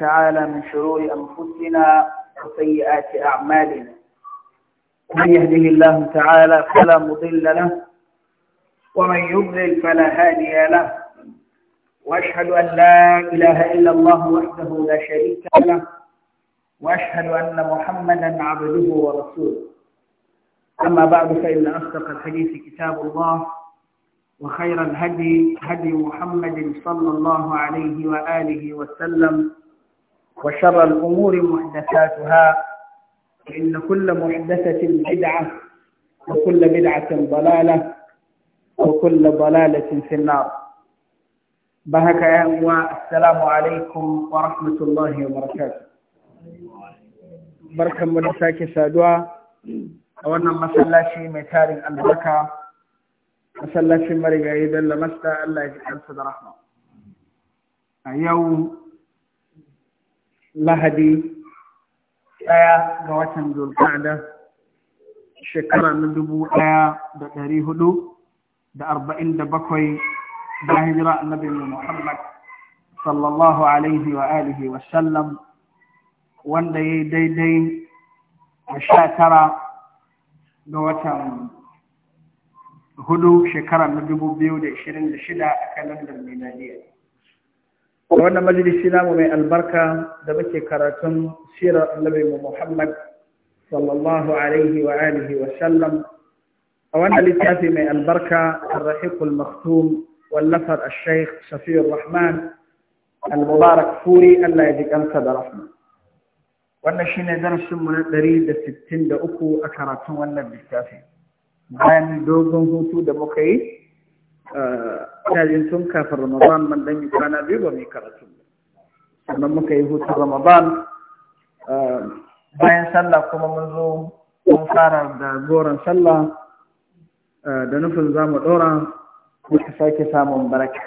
تعالى من شرور أنفسنا وسيئات أعمالنا من يهده الله تعالى فلا مضل له ومن يضلل فلا هادي له وأشهد أن لا إله إلا الله وحده لا شريك له وأشهد أن محمدا عبده ورسوله أما بعد فإن أصدق الحديث كتاب الله وخير الهدي هدي محمد صلى الله عليه وآله وسلم وشر الأمور محدثاتها فإن كل محدثة بدعة وكل بدعة ضلالة وكل ضلالة في النار بهك يا السلام عليكم ورحمة الله وبركاته بركة مدساك سادوا أولنا مسلاشي ميتارين البركة مسلاشي مريقا إذا لمستا الله يجعل صدر رحمه يوم lahadi ɗaya ga watan zulkada shekara na dubu ɗaya da ɗari hudu da arba'in da bakwai da hijira annabi muhammad sallallahu alaihi wa alihi wa sallam wanda ya yi daidai a sha tara ga watan hudu shekara na dubu biyu da ishirin da shida a kalandar miladiya wannan majalisi namu mai albarka da muke karatun sirar annabi Muhammad sallallahu alaihi wa alihi wa sallam a wannan littafi mai albarka ar-rahiqul maktum wallafar al-shaykh Rahman al-Mubarak Furi Allah ya ji kansa da rahma wannan shine darasin mu na 163 a karatun wannan littafi bayan dogon hutu da muka yi tajin tun kafin ramadan man dan yi kwana biyu ba mai karatu sannan muka yi hutu ramadan bayan sallah kuma mun zo mun fara da goron sallah da nufin za mu ɗora muka sake samun baraka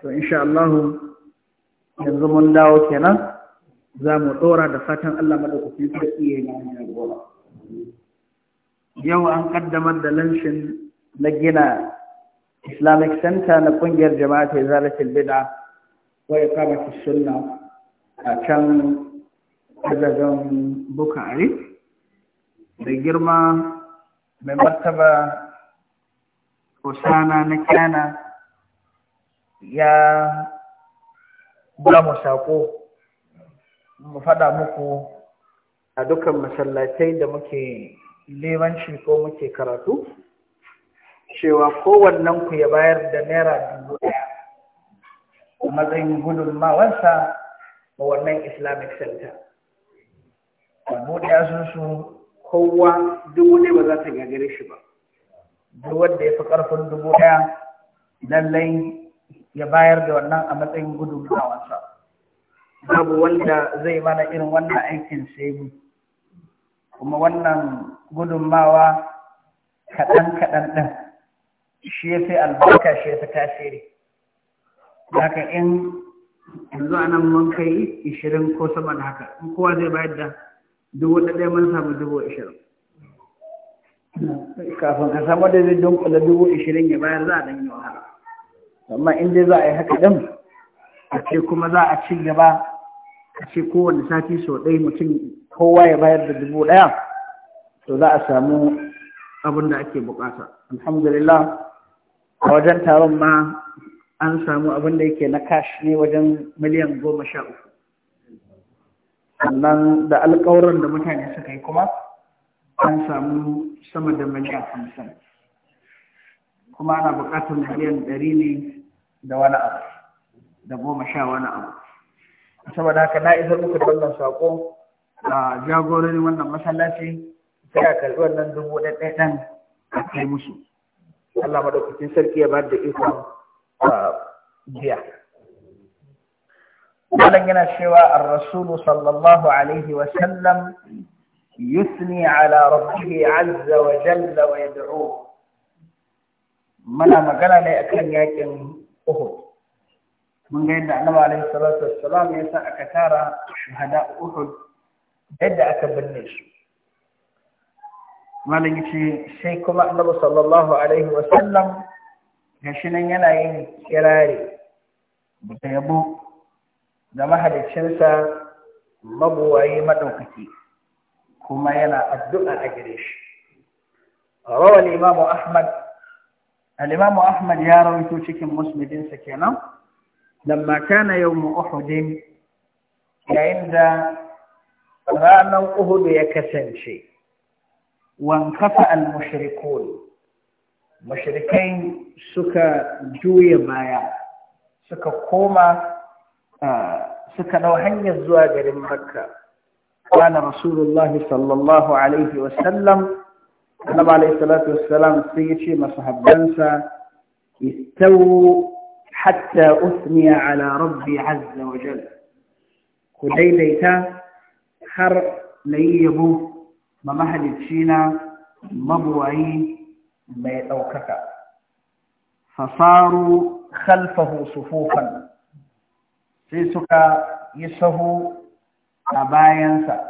to insha Allah yanzu mun dawo kenan za mu ɗora da fatan Allah maɗaukaki yi iya yin gora yau an ƙaddamar da lanshin na gina islamic center na kungiyar jama'a ta zalatul bid'a kama ta sunna a can azazan bukari da girma mai martaba Hosana na kyana ya ba mu saƙo mu faɗa muku a dukkan masallatai da muke lemanci ko muke karatu cewa kowannen ku ya bayar da naira dubu ɗaya a matsayin gudunmawarsa ma wannan islamic center dubu ɗaya sun su kowa dubu ɗaya ba za ta gagare shi ba duk wanda ya fi ƙarfin dubu ɗaya lallai ya bayar da wannan a matsayin gudunmawarsa babu wanda zai mana irin wannan aikin sai kuma wannan gudunmawa kaɗan-kaɗan ɗin shi ya sai albarka shi ya ta shiri haka in yanzu a nan mun kai ishirin ko sama da haka in kowa zai bayar da dubu ɗaya mun samu dubu ishirin kafin a samu da zai dunkula dubu ishirin ya bayar za a ɗan yi wahala amma in dai za a yi haka ɗin a ce kuma za a ci gaba a ce kowane sati sau ɗaya mutum kowa ya bayar da dubu ɗaya to za a samu abin da ake buƙata alhamdulillah a wajen taron ma an samu abin da yake na kashi ne wajen miliyan goma sha uku sannan da alkawarin da mutane suka yi kuma an samu sama da miliyan hamsin kuma ana buƙatar miliyan ɗari ne da wani abu da goma sha wani abu saboda haka na isar muku da wannan saƙo a jagorori wannan masallaci sai a karɓi wannan dubu ɗaya ɗan a kai musu Allah madaukakin sarki ya bada ikon biya ah, wannan yana cewa ar-rasul sallallahu alaihi wa sallam yusni ala rabbih azza wa jalla wa yad'u mana magana ne akan yakin Uhud mun ga yadda annabi alaihi salatu wassalam ya sa aka tara shuhada Uhud yadda aka binne su malam sai kuma annabi sallallahu alaihi wa sallam gashi nan yana yin kirare da yabo da mahaliccinsa mabuwayi madaukaki kuma yana addu'a a gare shi rawa Limamu ahmad al ahmad ya rawaito cikin musulminsa kenan lamma kana mu uhud yayin da ranar Uhudu ya kasance وانخفأ المشركون مشركين سكا جوية بايا سكا آه سكا نوحي الزواج جرم مكة رسول الله صلى الله عليه وسلم النبي عليه الصلاة والسلام سيتي مصحبانسا استووا حتى أثني على ربي عز وجل كديديتا حر ليبو ma mahalicci na mabuwayi mai ɗaukaka fasaru khalfahu sufufan sai suka yi sahu a bayansa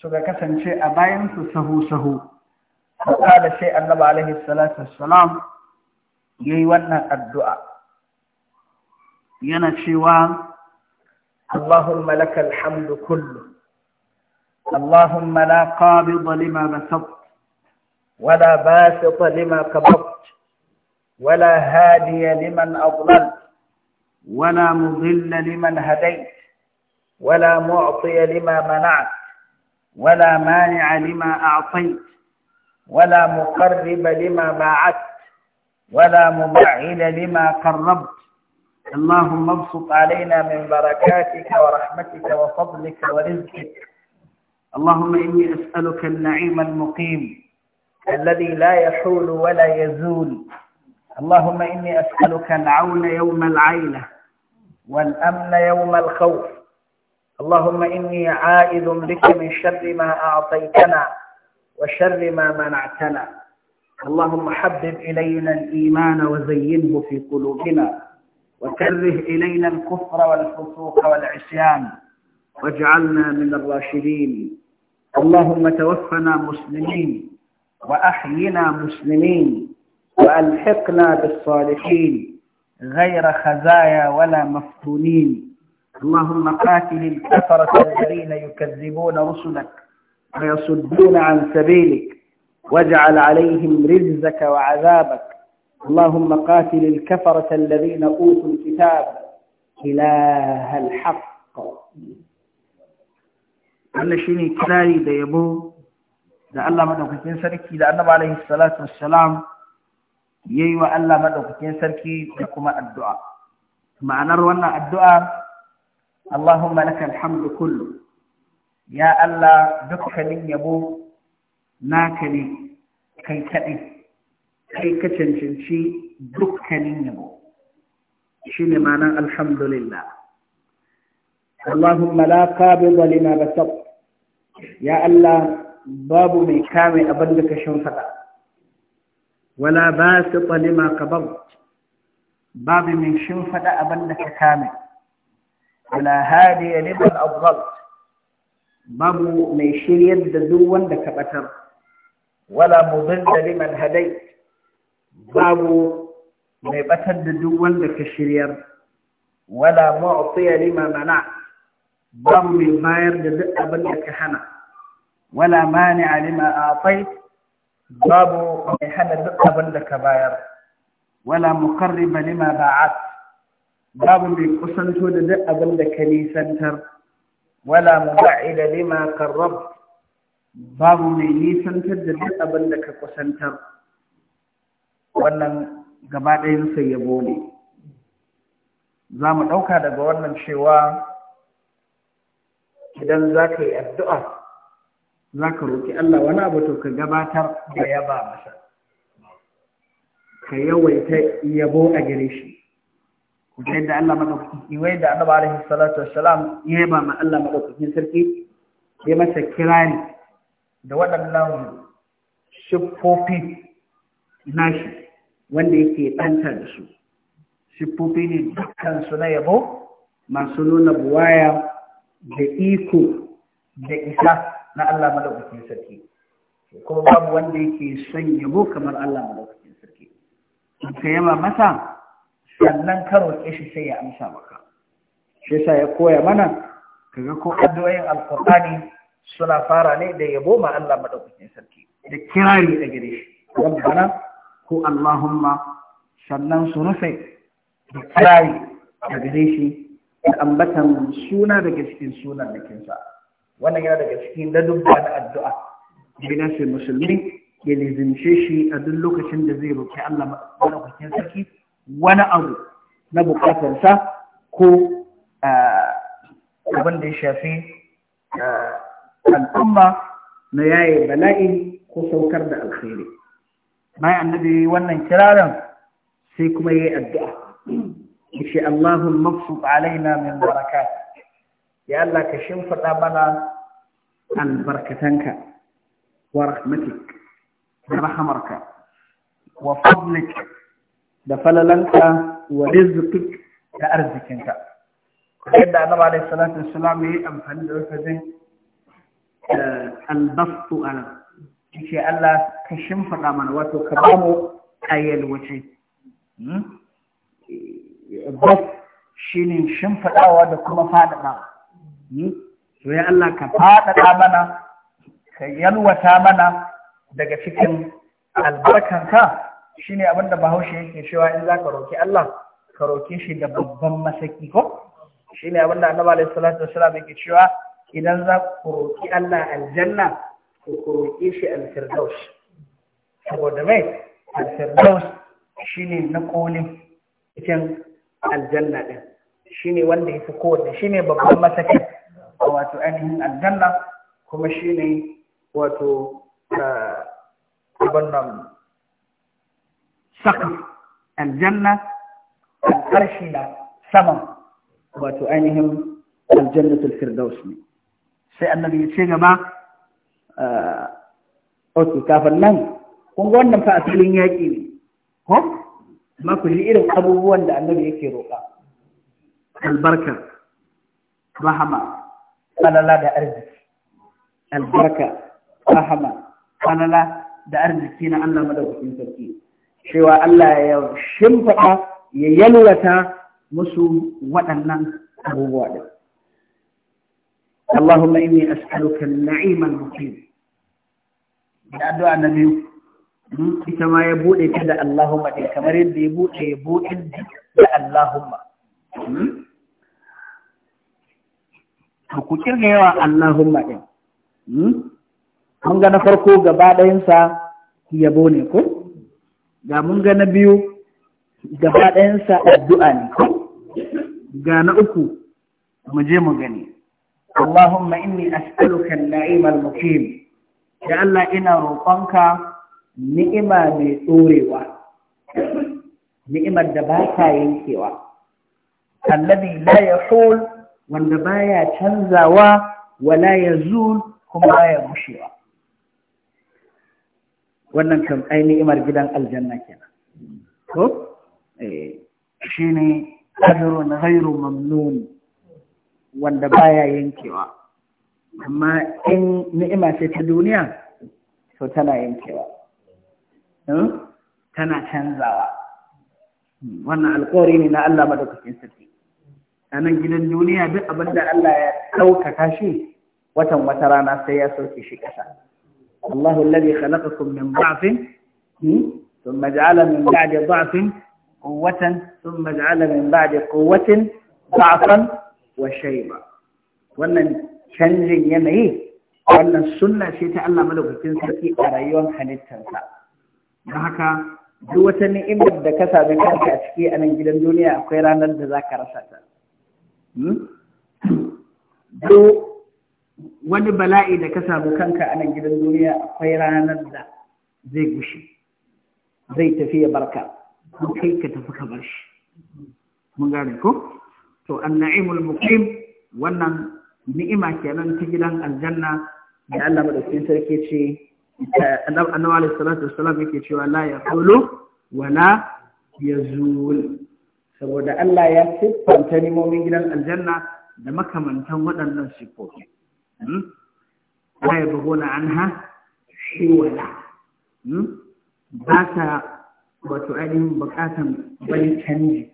suka kasance a bayansu sahu-sahu da sai annaba alaihi salatu salam ya yi wannan addu'a yana cewa Allahumma laka hamdu kullum اللهم لا قابض لما بسطت ولا باسط لما كبرت ولا هادي لمن أضللت ولا مضل لمن هديت ولا معطي لما منعت ولا مانع لما أعطيت ولا مقرب لما باعدت ولا مبعل لما قربت اللهم ابسط علينا من بركاتك ورحمتك وفضلك ورزقك اللهم إني أسألك النعيم المقيم الذي لا يحول ولا يزول اللهم إني أسألك العون يوم العيلة والأمن يوم الخوف اللهم إني عائذ بك من شر ما أعطيتنا وشر ما منعتنا اللهم حبب إلينا الإيمان وزينه في قلوبنا وكره إلينا الكفر والفسوق والعصيان واجعلنا من الراشدين اللهم توفنا مسلمين وأحينا مسلمين وألحقنا بالصالحين غير خزايا ولا مفتونين اللهم قاتل الكفرة الذين يكذبون رسلك ويصدون عن سبيلك واجعل عليهم رزك وعذابك اللهم قاتل الكفرة الذين أوتوا الكتاب إله الحق shi shine kirari da yabo da Allah maɗaukakin sarki da annaba alaihi salatu wassalam yayi wa Allah maɗaukakin sarki da kuma addu'a ma'anar wannan addu'a Allahumma lakal hamdu kullu ya Allah dukkanin yabo naka ne kai kadai kai ka cancanci dukkanin yabo shine ma'anar alhamdulillah اللهم لا قابض لما بسطت ya Allah babu mai kame abin da ka shimfaɗa wala ba su ɓalima ka babu mai shimfaɗa abin da ka kame wala hadi ya liban abubuwan babu mai shiryar da duk wanda ka batar. wala mubin da liman hadai babu mai batar da duk wanda ka shiryar wala ma'utsiya liman mana babu mai bayar da duk abin da ka hana wala mani alima a atai babu mai hana duk abin da ka bayar wala muqarriba lima ba'at babu mai kusanto da duk abin da ka nisantar wala muba'ida lima qarrab babu mai nisantar da duk abin da ka kusantar wannan gaba ɗayan sai ya ne za mu ɗauka daga wannan cewa idan za ka yi addu'a za ka roƙi Allah wani abu to ka gabatar da yaba masa ka yawaita yabo a gare shi kuma yadda Allah madaukakin iwai da annabi alaihi salatu salam ya yaba ma Allah madaukakin sarki ya masa kirani da waɗannan siffofi nashi wanda yake ɗanta da su shifofi ne dukkan su na yabo masu nuna buwaya da iko da isa na Allah madaukakin sarki kuma babu wanda yake son yabo kamar Allah madaukakin sarki in ka yaba masa sannan ka roƙe shi sai ya amsa maka shi yasa ya koya mana kaga ko addu'o'in alqur'ani suna fara ne da yabo ma Allah madaukakin sarki da kirari da gare shi Wannan ko allahumma sannan su rufe da kirari da gare shi da ambatan suna daga cikin sunan da kinsa wannan yana daga cikin ladubba da addu'a gidan sai musulmi ke lizince shi a duk lokacin da zai roƙi Allah madaukakin sarki wani abu na buƙatarsa ko abin da ya shafi al'umma na yaye bala'i ko saukar da alkhairi bayan annabi wannan kiraran sai kuma yayi addu'a Allahu Allahumma mabsut alaina min barakat ya Allah ka shimfida mana albarkatanka wa rahmatik da rahamarka wa fadlik da falalanka wa rizqik da arzikinka yadda annabi alaihi salatu wassalam yayi amfani da lafazin eh, albastu ala yace Allah ka shimfada mana wato ka ba mu ayal wace hmm? eh, bas shine shimfadawa da kuma fadada to ya Allah ka faɗaɗa mana ka yalwata mana daga cikin albarkanka shine abin da bahaushe yake cewa in za ka roƙi Allah ka roƙi shi da babban masaki ko ne abin da annabi alaihi salatu Salam yake cewa idan za ku roƙi Allah aljanna ku roƙi shi alfirdaus saboda mai alfirdaus ne na kolin cikin aljanna ɗin. Shi ne wanda ya fi kowanne ne babban masaki wato ainihin aljanna kuma shine wato eh, abin saka aljanna alƙarshi na saman wato ainihin aljannatul firdaus ne sai annabi ya ce gaba eh, ok kafin nan kun wannan fa asalin yaƙi ne ko ma ku ji irin abubuwan da annabi yake roƙa albarka rahama falala da arziki albarka rahama falala da arziki na Allah madaukakin sarki cewa Allah ya shimfiɗa ya yalwata musu waɗannan abubuwa ɗin اللهم إني أسألك النعيم المقيم الدعاء النبي كما يبوء كذا اللهم دي كما يبوء يبوء اللهم to ku kirga yawa Allahumma ɗin. Hmm? mun ga na farko gaba ɗayansa yabo ne ko ga mun ga na biyu gaba ɗayansa addu'a ne ko ga na uku mu je mu gani Allahumma inni as'aluka an-na'ima al-muqim da Allah ina roƙonka ni'ima mai tsorewa, ni'imar da ba ta yankewa, ne la ya hul wanda baya canzawa wala ya zuwa kuma baya mushewa wannan kan ai ni'imar gidan aljanna kenan ko eh ajiro na hairu mamnuni wanda baya yankewa amma in ni'ima ce ta duniya to tana yankewa hmm? tana canzawa hmm, wannan alƙawari ne na Allah madaukakin sarki a nan gidan duniya duk abin da Allah ya ɗaukaka shi watan wata rana sai ya sauke shi ƙasa. Allahu alladhi khalaqakum min dha'fin hmm? thumma ja'ala min ba'di dha'fin quwwatan thumma ja'ala min wa Wannan canjin yanayi wannan sunna ce ta Allah madaukakin sarki a rayuwar halittarsa. Don haka duk wata ni'imar da ka sami kanka a ciki a nan gidan duniya akwai ranar da za ka rasa ta. Duk hmm? wani bala'i da ka samu kanka a nan gidan duniya akwai ranar da zai gushi, zai tafi ya barka, ko kai ka tafi ka bar shi. Mun gane ko? To, an na'imul muqim wannan ni'ima kenan ta gidan aljanna da Allah madaukakin sarki ce annabi alaihi salatu wassalam yake cewa la yaqulu wala yazul saboda Allah ya siffanta nimomin gidan aljanna da makamantan waɗannan siffofi hmm? la yabghuna anha wala. Hmm? ba ta wato ainihin bukatan wani canji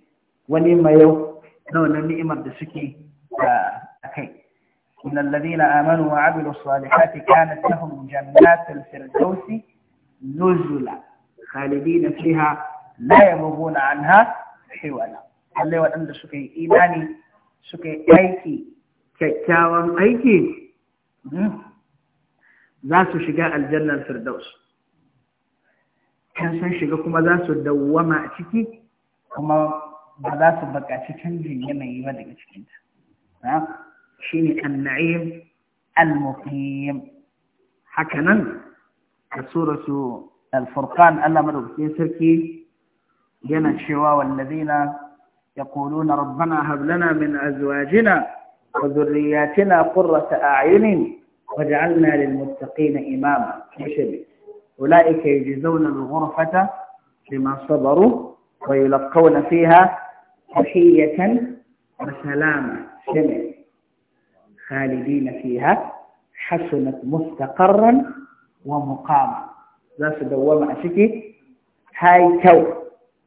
wani mayau na wannan ni'imar da suke a kai إن الذين آمنوا وعملوا الصالحات كانت لهم جنات الفردوس نزلا خالدين فيها لا يبغون عنها ihwana waɗanda suka yi imani suka yi aiki kyakkyawan aiki hmm, za su shiga aljannar firdaus kan sun shiga kuma za su dawwama a ciki kuma ba za su bukaci canjin yanayi ba daga cikinta shi ne anna'im al-muqim hakanan a suratu al-furqan Allah madaukakin sarki جنى الشواوى والذين يقولون ربنا هب لنا من أزواجنا وذرياتنا قرة أعين واجعلنا للمتقين إماما أولئك يجزون الغرفة بما صبروا ويلقون فيها تحية وسلاما شمل خالدين فيها حسنت مستقرا ومقاما لا سدوام أشكي هاي توب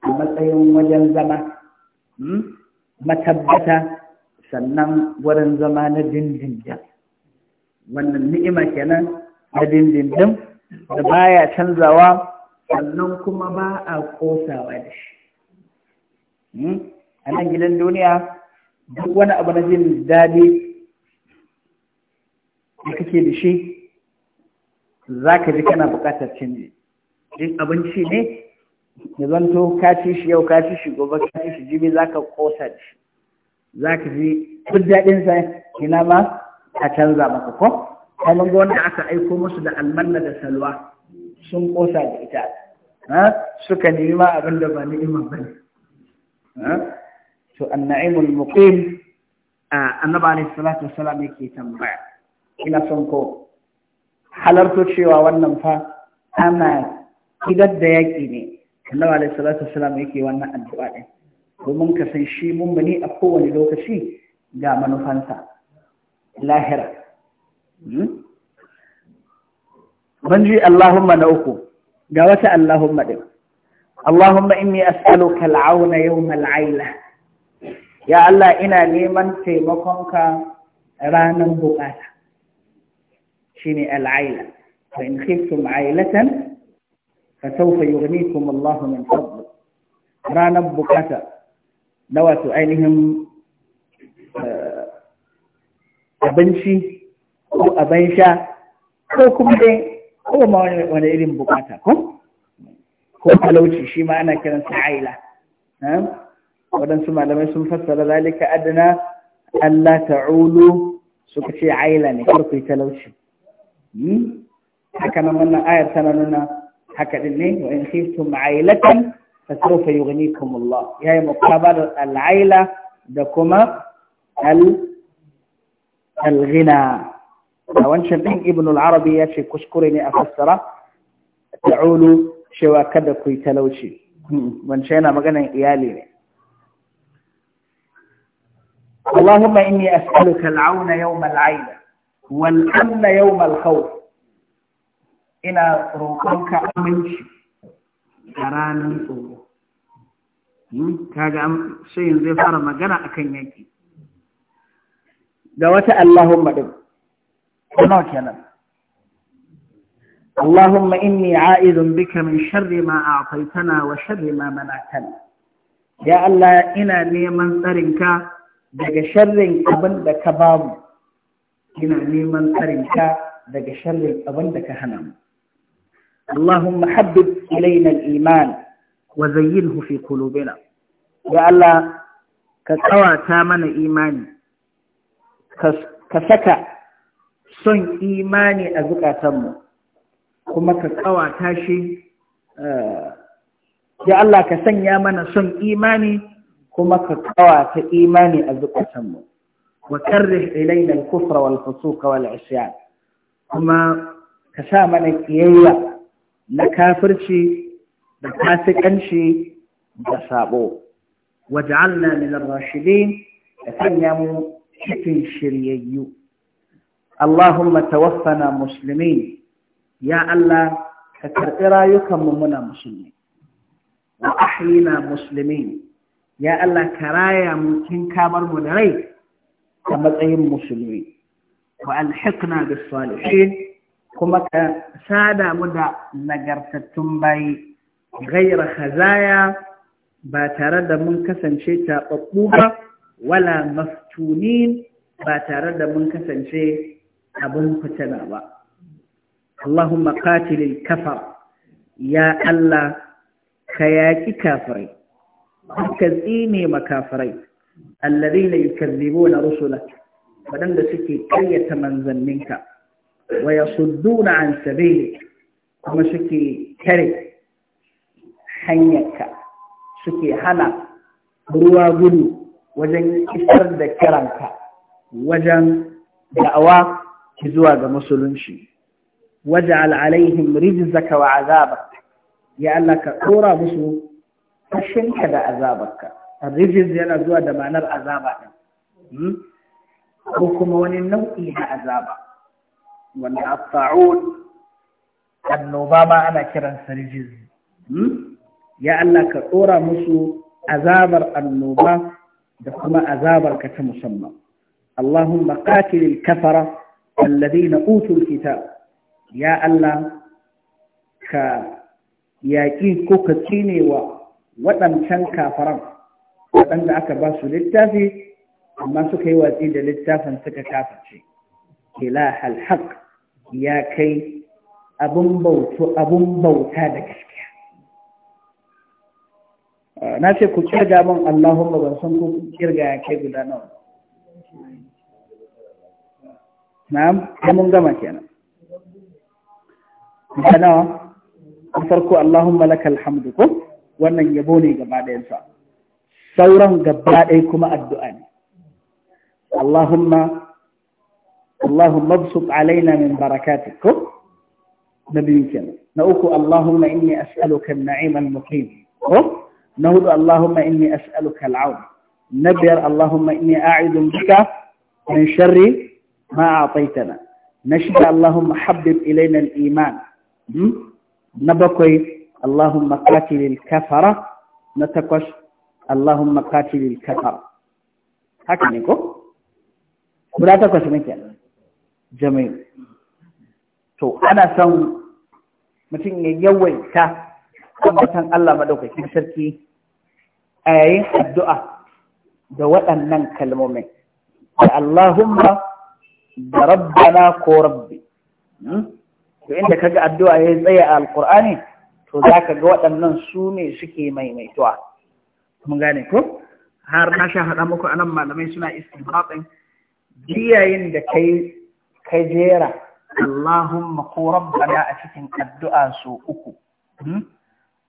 a matsayin wajen zama hmm, matabbata sannan wurin zama na dindindin wannan ni'ima kenan na dindindin da ba ya canzawa sannan kuma ba a kosawa da shi hmm, a nan gidan duniya duk wani abu na jin daɗi da kake da shi za ka ji kana buƙatar canji abinci ne ya zanto ka ci shi yau ka ci shi gobe ka ci shi jibi za ka kosa shi za ka ji duk daɗin sa ina ma a canza maka ko kamar gona aka aiko musu da almanna da salwa sun kosa da ita suka nemi ma abin da ba ni'ima ba ne to annaimul muqim annabi ne salatu wassalam yake tambaya ina son ko halarto cewa wannan fa ana kidar da yaƙi ne annabi alaihi salatu wasalam yake wannan addu'a din domin ka san shi mummuni a kowane lokaci ga manufansa lahira ban hmm? ji Allahumma na uku ga wata Allahumma din Allahumma inni as'aluka al'auna yawmal 'aila ya Allah ina neman taimakonka ranar bukata shine al'aila fa in khiftum 'ailatan فسوف يغنيكم الله من فضله ranar bukata na wato ainihin abinci ko abin sha ko kuma dai ko ma wani irin bukata ko ko talauci shi ma ana kiran kiransa aila waɗansu malamai sun fassara zalika adana Allah ta'ulu suka ce aila ne kar ku yi talauci haka nan wannan ayar tana nuna حكى للنين وإن خيفتم عائلة فسوف يغنيكم الله يا مقابل العيلة دكما الغنى وان شبين ابن العربي يشي كشكرني أفسر تعولوا شوى كدك تلوشي وان شينا يا ليلي اللهم إني أسألك العون يوم العيله والأمن يوم الخوف ina roƙonka aminci a ranar tsoro hmm? kaga shayin zai fara magana akan yaki da wata Allahumma din kuma kenan Allahumma inni a'idun bika min sharri ma a'taytana wa sharri ma mana'tana ya Allah ina neman tsarinka daga sharrin abin da ka bamu ina neman tsarinka daga sharrin abin da ka hana mu اللهم حبب إلينا الإيمان وزينه في قلوبنا يا الله كتواتا من إيماني كسكا son imani a zukatanmu kuma ka kawata shi eh, ya Allah ka sanya mana son imani kuma ka kawata imani a zukatanmu wa karrih ilaina al-kufra wal fusuqa wal isyan kuma ka sa mana kiyayya na kafirci da fasikanci da sabo waj'alna min ar-rashidin sanya mu cikin shiryayyu Allahumma tawaffana muslimin ya Allah ka karɓi rayukanmu muna musulmi wa ahyina muslimin ya Allah ka raya mu kin kamar mu da rai a matsayin musulmi wa alhiqna bis salihin kuma ka sada mu da nagartattun bayi gaira hazaya ba tare da mun kasance taɓaɓɓu ba wala maftunin ba tare da mun kasance abin fitina ba Allahumma qatilil kafar ya Allah ka yaƙi kafirai ka tsine makafirai alladhina na rusula. waɗanda suke ƙaryata manzanninka wa yasudduna an sabili kuma suke kare hanyarka suke hana ruwa gudu wajen isar da kiranka wajen da'awa ki zuwa ga musulunci waj'al alaihim rijzaka wa azabak ya Allah ka tsora musu fashinka da azabarka rijiz yana zuwa da ma'anar azaba ɗin ko kuma wani nau'i na azaba wanda afa'un annoba ma ana kiransa rijizi hmm? ya Allah ka tsora musu azabar annoba da kuma azabar ka ta musamman Allahumma qatil al-kafara alladhina utul kitab ya Allah ka yaƙi ko ka cine wa waɗancan kafaran waɗanda aka ba su littafi amma suka yi watsi da littafin suka kaface. ila hal ya kai abin bautu abin bauta da gaskiya ah, na ce ku kirga min Allahumma ba san ku kirga ya kai guda nawa na'am mun gama kenan guda nawa farko Allahumma lakal hamdu ko wannan yabo ne gaba sauran gaba ɗaya kuma addu'a ne Allahumma اللهم ابسط علينا من بركاتكم نبيك نأكو اللهم إني أسألك النعيم المقيم نهد اللهم إني أسألك العون نبير اللهم إني أعيد بك من شر ما أعطيتنا نشد اللهم حبب إلينا الإيمان نبكي اللهم قاتل الكفرة نتقش اللهم قاتل الكفرة هكذا نقول ولا تكش مكان jami'in to ana son mutum ya yawaita ambatan Allah maɗaukakin sarki a yayin addu'a da waɗannan kalmomin da Allahumma da rabbana ko rabbi hmm? to inda kaga addu'a ya tsaye a alkur'ani to za ka ga waɗannan su ne suke maimaituwa mun gane ko har na sha haɗa muku anan malamai suna istinbatin biyayin da kai kai jera Allahumma ko rabbana a cikin addu'a so uku hmm?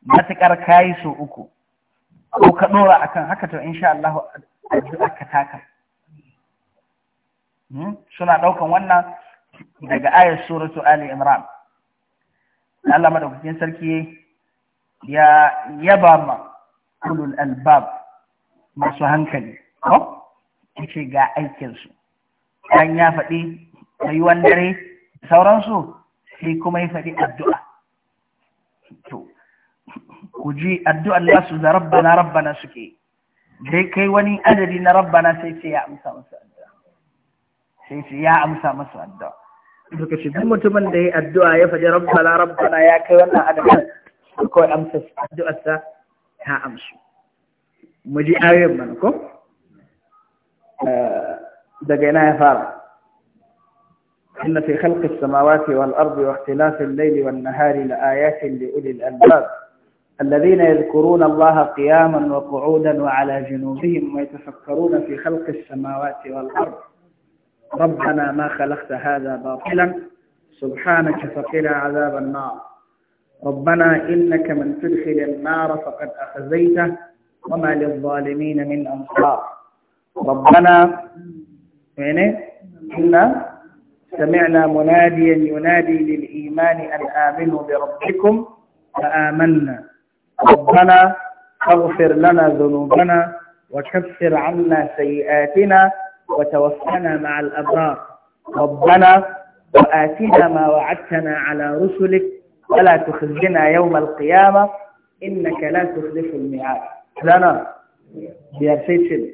matuƙar kayi so uku ko ka ɗora akan haka to insha Allah addu'a ka taka hmm? suna ɗaukan wannan daga ayar suratu Ali Imran Allah madaukakin sarki ya yaba ma kulun albab masu hankali ko ce ga aikinsu. An ya faɗi tsayuwan dare sauransu sai kuma ya faɗi addu'a to ku ji addu'an nasu da rabbana rabbana suke dai kai wani adadi na rabbana sai ce ya amsa masu addu'a sai ce ya amsa masu addu'a suka ce duk mutumin da ya addu'a ya faɗi rabbana rabbana ya kai wannan adadin kawai amsa addu'arsa ta amsu mu ji ayoyin mana ko eh, daga yana ya fara إن في خلق السماوات والأرض واختلاف الليل والنهار لآيات لأولي الألباب الذين يذكرون الله قياما وقعودا وعلى جنوبهم ويتفكرون في خلق السماوات والأرض ربنا ما خلقت هذا باطلا سبحانك فقنا عذاب النار ربنا إنك من تدخل النار فقد أخزيته وما للظالمين من أنصار ربنا يعني إن سمعنا مناديا ينادي للإيمان أن آمنوا بربكم فآمنا ربنا اغفر لنا ذنوبنا وكفر عنا سيئاتنا وتوفنا مع الأبرار ربنا وآتنا ما وعدتنا على رسلك ولا تخزنا يوم القيامة إنك لا تخلف الميعاد لنا بيرسيتشل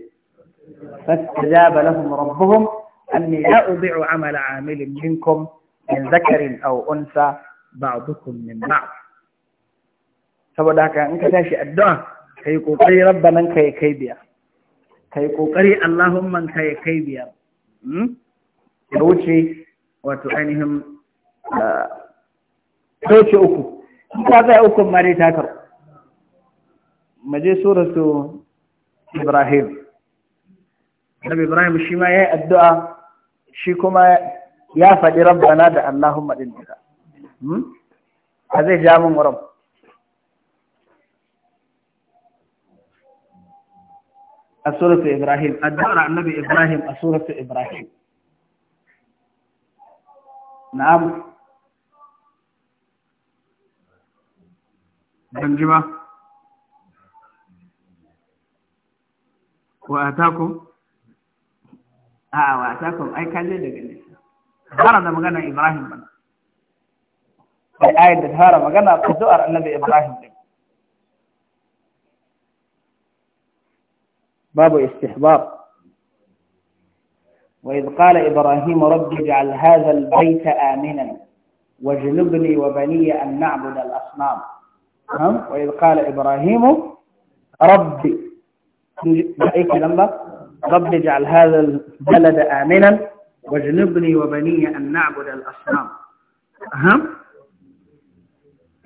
فاستجاب لهم ربهم أني لا أضيع عمل عامل منكم من ذكر أو أنثى بعضكم من بعض saboda haka in ka tashi addu'a kai kokari rabbanan ka ya kai biyar kai kokari Allahumma ka ya kai biyar ya wuce wato ainihin sauce uku in ka zai uku ma dai takar maje suratu ibrahim nabi ibrahim shi ma ya yi addu'a shi kuma ya faɗi rabbana da Allahumma din duka a zai ja min wurin a suratu Ibrahim addu'ar annabi Ibrahim a suratu Ibrahim na'am ban ji ba wa atakum a'a wa أي ai kalle daga nisa fara da magana Ibrahim باب استحباب وإذ قال إبراهيم رب اجعل هذا البيت آمنا واجلبني وبني أن نعبد الأصنام وإذ قال إبراهيم ربي أي كلام رب اجعل هذا البلد آمنا واجنبني وبني أن نعبد الأصنام أهم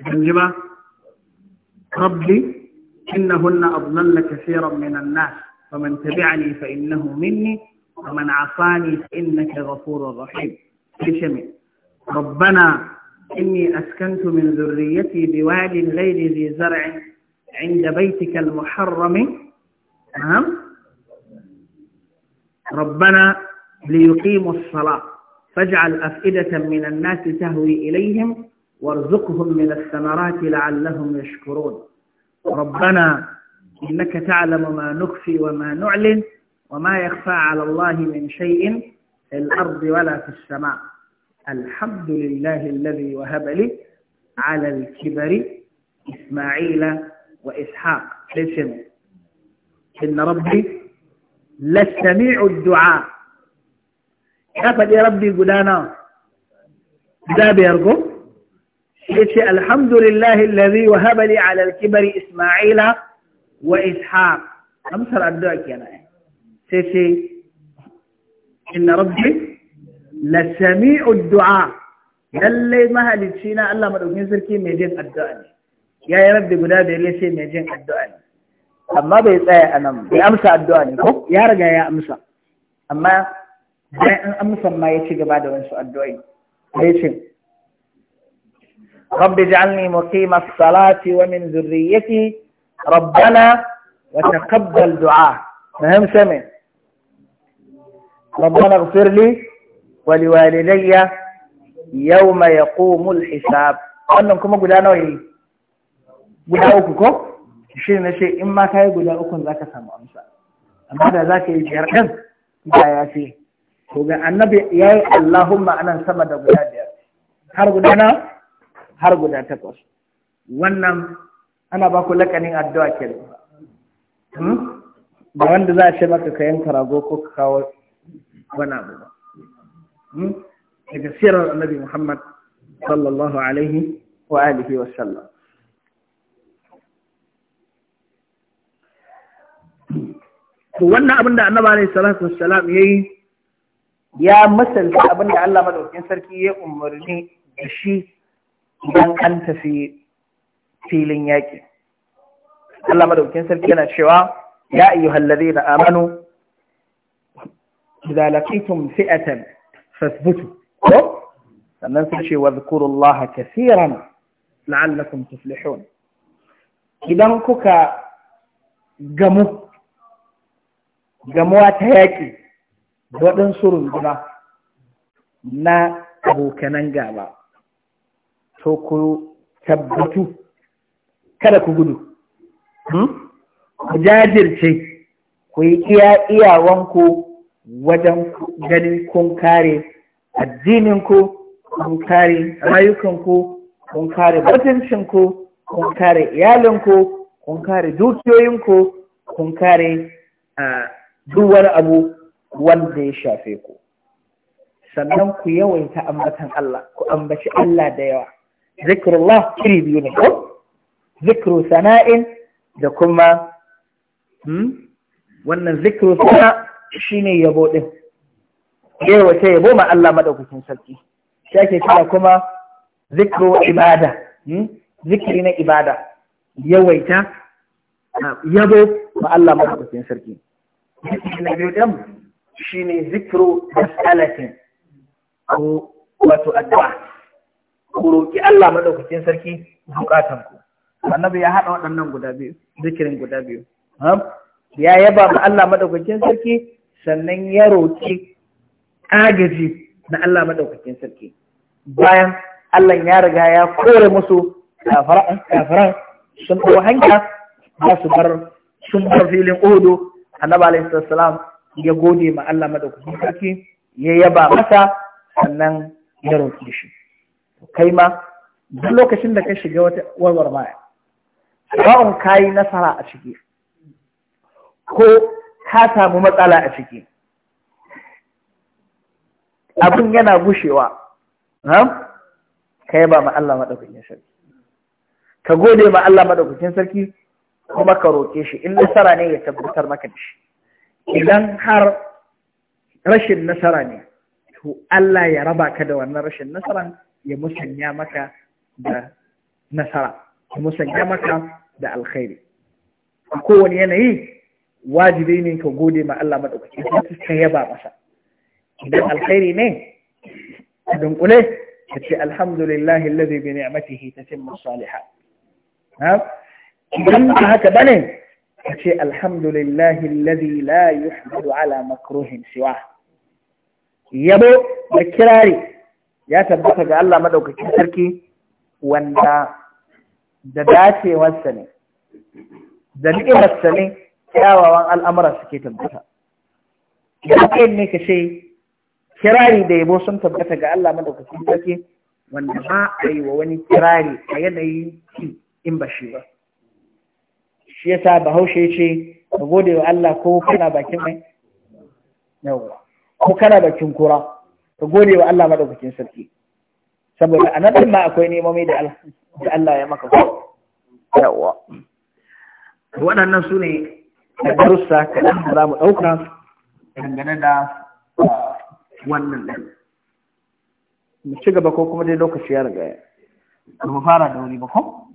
جنجبة ربي إنهن أضلل كثيرا من الناس فمن تبعني فإنه مني ومن عصاني فإنك غفور رحيم لشمي ربنا إني أسكنت من ذريتي بوادي الليل ذي زرع عند بيتك المحرم أهم ربنا ليقيموا الصلاة فاجعل أفئدة من الناس تهوي إليهم وارزقهم من الثمرات لعلهم يشكرون ربنا إنك تعلم ما نخفي وما نعلن وما يخفى على الله من شيء في الأرض ولا في السماء الحمد لله الذي وهب لي على الكبر إسماعيل وإسحاق listen إن ربي lastami'u du'a ya faɗi rabbi guda nawa guda biyar ko ya ce alhamdulillahi lalazi wa habali ala kibari isma'ila wa ishaq amsar addu'a kenan sai ce inna rabbi lastami'u du'a lallai mahalicci na Allah madaukin sarki mai jin addu'a ne ya rabbi guda biyar ya ce mai jin addu'a ne amma bai tsaya a nan bai amsa addu'a ne ko ya riga ya amsa amma bayan an amsa ma ya ci gaba da wasu addu'o'i sai ce rabbi ja'alni muqima as-salati wa min zurriyyati rabbana wa taqabbal du'a fahim sami ربنا اغفر لي ولوالدي يوم يقوم الحساب wannan kuma guda nawa ne guda uku ko shi na ce in ma ka yi guda ukun za ka samu amsa amma da za ka yi biyar ɗin ba ya fi to ga annabi ya yi allahumma anan sama da guda biyar har guda na har guda takwas wannan ana ba ku lakanin addu'a ke hmm? ba wanda za a ce maka ka yanka rago ko ka kawo wani abu ba hmm? daga sirar annabi muhammad sallallahu alaihi wa alihi wa sallam to wannan abin da annaba alaihi salatu wassalam yayi ya misalta abin da Allah madaukakin sarki ya umarni da shi idan an tafi filin yaƙi Allah madaukakin sarki yana cewa ya ayyuhal ladina amanu idza laqitum fi'atan fasbutu ko sannan sun ce wadhkurullaha kaseeran la'allakum tuflihun idan kuka gamu gamuwa ta yaƙi waɗansu runduna na abokanan gaba to ku tabbatu kada ku gudu hmm? ku jajirce ku yi iya iyawanku wajen ganin kun kare addininku kun kare rayukanku kun kare mutuncinku kun kare iyalinku kun kare dukiyoyinku kun kare ah, duk wani abu wanda ya shafe ku sannan ku yawaita ambatan Allah ku ambaci Allah da yawa zikrullah kiri biyu ne ko zikru sana'in da kuma hmm? wannan zikru sana shine yabo din yawaita yabo ma Allah madaukakin sarki shi ake kira kuma zikru ibada hmm? zikri na ibada yawaita ah, yabo ma Allah madaukakin sarki zikiri na biyu ɗin shi ne zikiru mas'alatin wato addu'a ku roƙi Allah maɗaukacin sarki buƙatan ku. annabi ya haɗa waɗannan guda biyu zikirin guda biyu ya yaba ma Allah maɗaukacin sarki sannan ya roƙi agaji na Allah maɗaukacin sarki bayan Allah ya riga ya kore musu kafiran sun ɗau hanya za su bar sun bar filin odo annabi alayhi salam ya gode ma Allah madaukaki sarki ya yaba masa sannan ya roƙi shi kai ma duk lokacin da ka shiga wata warwar maya sawa'un ka nasara a ciki ko ka samu matsala a ciki abin yana gushewa ka yaba ma Allah madaukakin sarki ka gode ma Allah madaukakin sarki kuma ka roƙe shi in nasara ne ya tabbatar maka da shi idan har rashin nasara ne to Allah ya raba ka da wannan rashin nasaran ya musanya maka da nasara ya musanya maka da alkhairi a kowane yanayi wajibi ne ka gode ma Allah maɗaukaki sai ka yaba masa idan alkhairi ne ka dunkule ka ce alhamdulillahi allazi bi ni'matihi tatimmu salihat idan ba haka bane ka ce alhamdulillahi alladhi la yuhmadu ala makruhin shiwa. yabo da kirari ya tabbata ga Allah maɗaukakin sarki wanda da dacewarsa ne da ni'imarsa ne kyawawan al'amura suke tabbata yaƙin ne ka ce kirari da yabo sun tabbata ga Allah maɗaukakin sarki wanda ba a yi wa wani kirari a yanayin ki in ba shi ba shi yasa bahaushe ce ka gode wa Allah ko kana bakin mai yawa ko kana bakin kura ka gode wa Allah madaukakin sarki saboda a nan ma akwai nemomi da Allah ya maka yawa waɗannan su ne a darussa kaɗan da za mu ɗauka dangane da wannan ɗin mu ci gaba ko kuma dai lokaci ya riga ya mu fara da wani bakon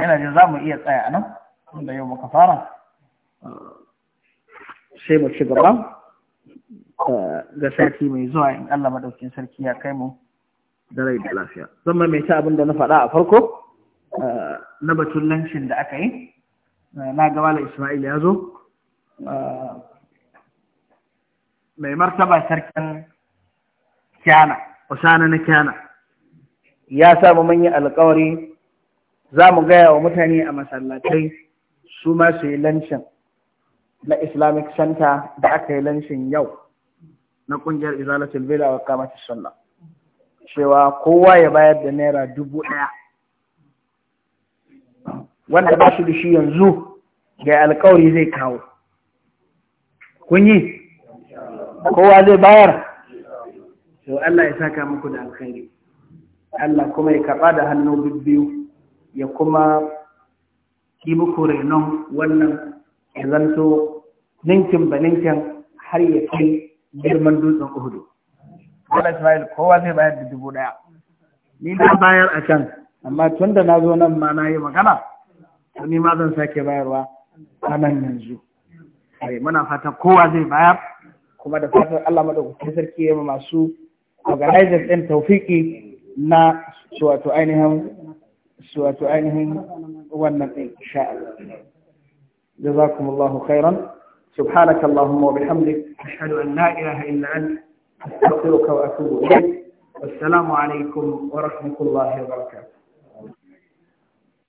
yana jin za mu iya tsaya a nan inda yau muka fara sai mu ci gaba eh, ga sarki mai zuwa in Allah madaukin sarki ya kai mu da rai da lafiya zan ta abin da na faɗa a farko eh, na batun lancin da aka yi eh, na gaba da Ismail ya zo mai martaba sarkin kyana usana na kyana ya samu manyan alkawari za mu gaya wa mutane a masallatai su ma su yi lancin na islamic center da aka yi lancin yau na kungiyar izalatul bida wa kamata sunna cewa kowa ya bayar da naira dubu ɗaya wanda ba shi da shi yanzu ga alkawari zai kawo kun yi kowa zai bayar to Allah ya saka muku da alkhairi Allah kuma ya karɓa da hannu biyu ya kuma yi muku renon wannan ya zanto ninkin ba ninkin har ya kai girman dutsen uhudu. Wala Ismail kowa zai bayar da dubu ɗaya. Ni na bayar a can, amma tun da na zo nan ma na yi magana, to ni ma zan sake bayarwa a nan yanzu. Ai, muna fata kowa zai bayar, kuma da fatan Allah maɗaukakin sarki ya masu organizers ɗin taufiki na wato ainihin سوى عينهم والنبي إن شاء الله جزاكم الله خيرا سبحانك اللهم وبحمدك أشهد أن لا إله إلا أنت أستغفرك وأتوب إليك والسلام عليكم ورحمة الله وبركاته